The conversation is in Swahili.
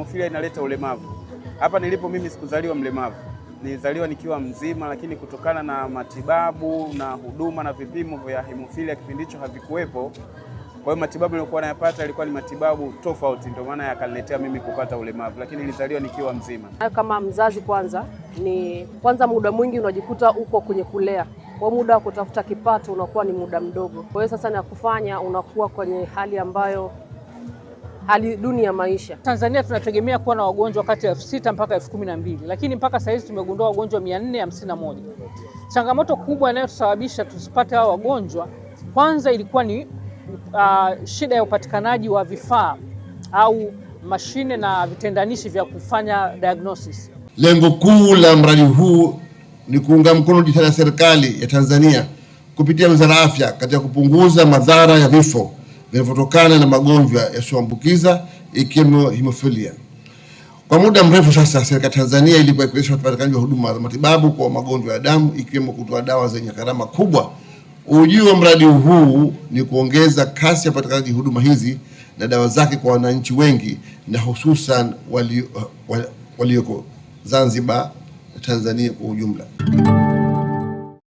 Hemofilia inaleta ulemavu. Hapa nilipo mimi sikuzaliwa mlemavu, nilizaliwa nikiwa mzima, lakini kutokana na matibabu na huduma na vipimo vya hemofilia kipindi hicho havikuwepo, kwa hiyo matibabu nilikuwa nayapata yalikuwa ni matibabu tofauti, ndio maana yakaniletea mimi kupata ulemavu, lakini nilizaliwa nikiwa mzima. Kama mzazi, kwanza ni kwanza, muda mwingi unajikuta uko kwenye kulea kwa muda wa kutafuta kipato unakuwa ni muda mdogo, kwa hiyo sasa na kufanya unakuwa kwenye hali ambayo hali duni ya maisha. Tanzania tunategemea kuwa na wagonjwa kati ya elfu sita mpaka elfu kumi na mbili lakini mpaka sahizi hizi tumegundua wagonjwa mia nne hamsini na moja. Changamoto kubwa inayotusababisha tusipate hao wagonjwa kwanza ilikuwa ni uh, shida ya upatikanaji wa vifaa au mashine na vitendanishi vya kufanya diagnosis. Lengo kuu la mradi huu ni kuunga mkono jitihada ya serikali ya Tanzania kupitia Wizara ya Afya katika kupunguza madhara ya vifo vinavyotokana na magonjwa yasiyoambukiza ikiwemo hemofilia. Kwa muda mrefu sasa, serikali ya Tanzania ilikuwa ikiwezesha upatikanaji wa huduma za matibabu kwa magonjwa ya damu ikiwemo kutoa dawa zenye gharama kubwa. Ujio wa mradi huu ni kuongeza kasi ya upatikanaji huduma hizi na dawa zake kwa wananchi wengi na hususan walioko wali, wali Zanzibar, Tanzania kwa ujumla.